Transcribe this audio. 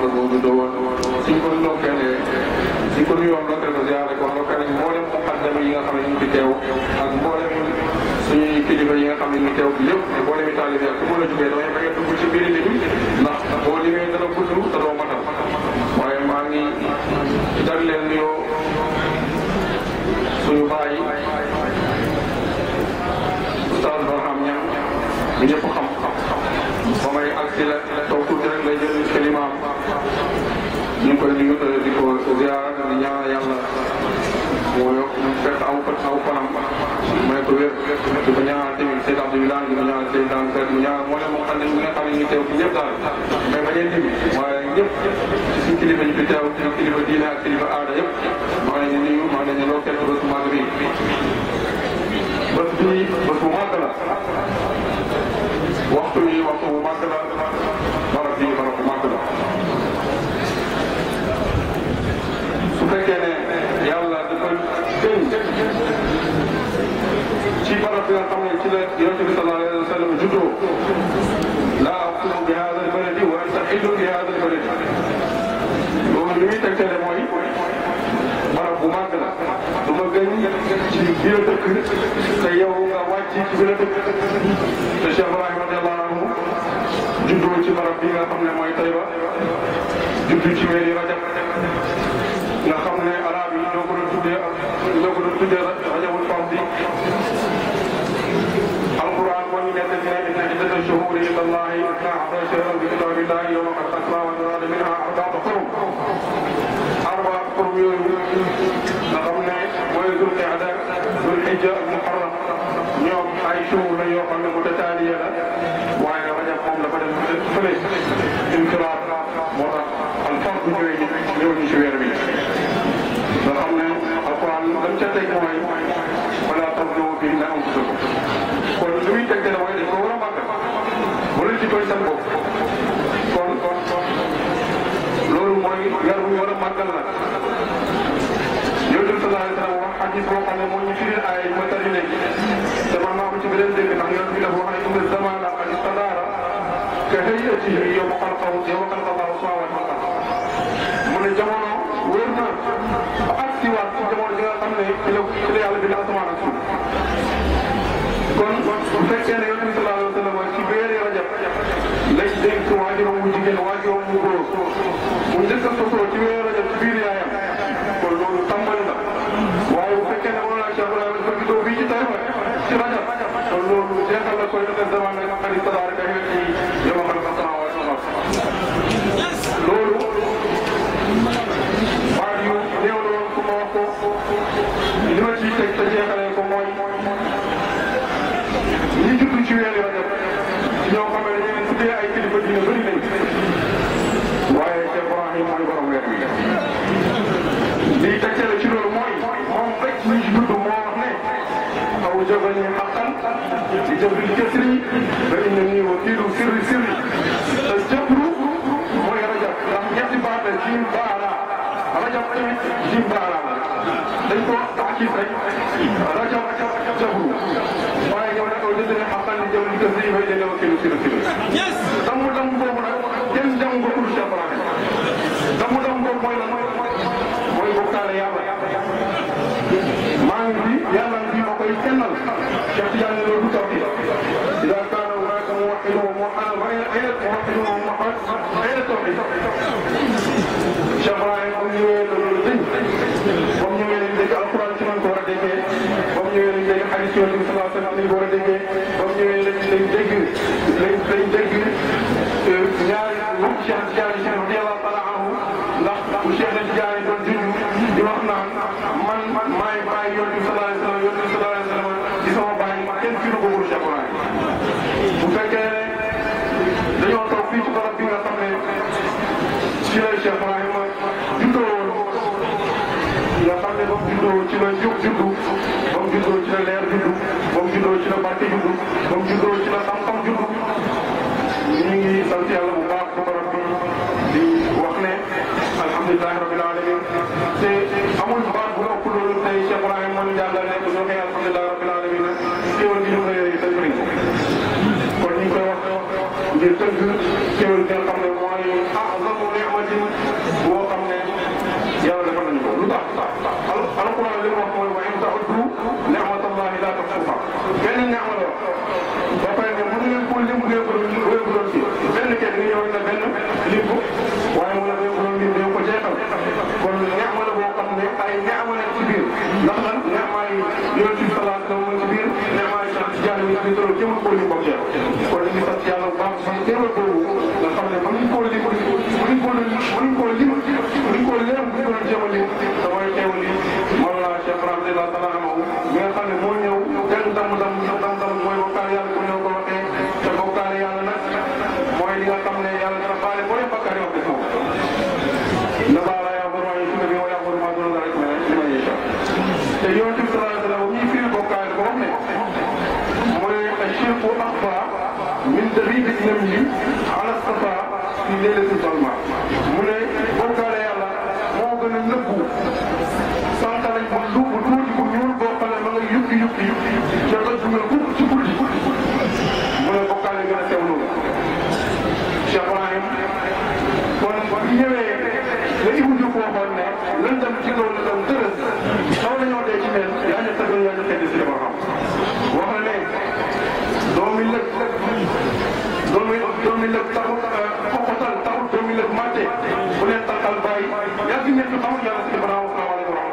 la boo juddoo woon suñ ko ndokkeelee suñ ko nuyoo ndokkeel ko ziare ko ndokkeel ak mboolem muqaddam yi nga xam ne ñu ngi fi teew ak mboolem suñuy kilifa yi nga xam ne ñu ngi teew bi yëpp ak mboolem taalibe ak su ma la jugee damay bëgg a dugg ci mbiri li ndax boo limee dana gudd te doo matal waaye maa ngi dal leen nuyoo suñu baay Oustaz Barham Niang bi ñëpp xam-xam ba may agsi la toog tuuti rek lay jël kalimaam di di ko ziar di ñaan yàlla moo yokk mu fekk aw aw fanam may ko wér di ko ñaanal tamit Seydou Abdoulaye Dane di ko ñaanal Seydou Dane Seydou mu ñaanal moo ne moom xam nañ nga xam ne ñu teew fi ñëpp daal mais bañ a lim waaye ñëpp ci suñu kilifa ñu fi teew ci kilifa diine ak kilifa aada yëpp maa ngi leen di nuyu maa ngi leen di lokkeel bés mag bi bés bii bés bu màgg la waxtu yi waxtu bu màgg la te yow nga wàcc ci gën a dëkk te Cheikh Ibrahima radiyallahu anhu juddoo ci barab bi nga xam ne mooy Tayba juddu ci weeri Rajab nga xam ne arab yi ñoo ko doon tuddee ak ñoo ko doon tuddee Rajabul Fardi alquran moo ñu nekk ci ne inna iddata shuhuri indallahi itna ashara bi kitabillahi yawma xalaqa as-samawati wal arda minha hijja ak muharram ñoom ay suuf la yoo xam ne mu détaillé la waaye rajab moom dafa def fële inqiraat moo tax al fard ñëwee ñu ñëw ñu ci weer bi nga xam ne alquran lam ca teg mooy wala tazlimu bihinna anfusakum kon li muy teg mooy dañ ko war a màggal wala ci koy seen bopp kon loolu mooy yar bu war a màggal la hadis boo xam ne moo ñu firil ay ma tarine dama naa ko ci beneen dégg ndax yoon bi dafa wax ne inna zamana qad istadara ka hayatihi yawma xalaqahu yawma xalaqa Allahu samaawaati wal ard mu ne jamono wër na ba ak si waat ci jamono ji nga xam ne ci la yàlla bi la asamaan ak suuf kon bu fekkee ne ci rajo kon loolu jeexal na koy defee zaman bi nga xam ne tasaare kay xëy ci yow xam nga sama wala sama loolu waa yu néew la woon ku ma wax ko li ma ciy teg te jeexalee ko mooy ñi judd ci weer yoo def ñoo xam ne dañu leen tuddee ay kilifa dina bëri nañ waaye Cheikh Ibrahim mooy borom weer bi lii tegtale ci loolu mooy moom rek وجبني حقا لجبر الجسر فإنني وكيل سر سر الجبر هو رجب لم يتبع جيم بارا رجب جيم بارا ليس تحكيم رجب جبر وأنا أولدني حقا لجبر الجسر فإنني وكيل سر سر ndax bu Cheikh Ndiaye doon junj di wax naan Cheikh Ibrahima juddoo woon nga xam ne ba mu juddoo ci la jub juddu ba mu juddoo ci la leer juddu ba mu juddoo ci la barke juddu ba mu juddoo ci la xam-xam juddu ñu ngi sant yàlla bu baax borom bi di wax ne alhamdulilah rabbil alamin te amul baat bu ëpp loolu tey Cheikh Ibrahima mën jàngal ne bu joxee alhamdulilah rabbil alamin teewal gi ñu ngi koy yooyu dañ ko kon ñu ngi koy wax ngir tënk teewal gi nga xam ne alquran li mu wax mooy wa in ta'uddu ni'matallahi la tuhsuha benn neema la ba pare ne mënu leen ko lim réew bu doon ci benn kenn nga ñëw na benn lim bu waaye mu ne réew bu doon lim réew ko jeexal kon neema la boo xam ne ay neema la ci biir ndax lan neema yi تبيد النملي على الصفا في ليلة الظلمة mu ne bokkaale yàlla moo gën a nëbbu santalañ bu lu bu tuuti bu ñuul boo xam ne ma nga yukki yukki yukki te doj bu nga kub ci guddi mu ne bokkaale gën a teew loolu Cheikh Ibrahim kon bu ñëwee la Ibou Diouf waxoon ne lëndam ci loolu lëndam tërës xaw nañoo dee ci neen yaa ñu tëgg yaa ñu tëgg si li ma xam xamuñu yàlla si Ibrahima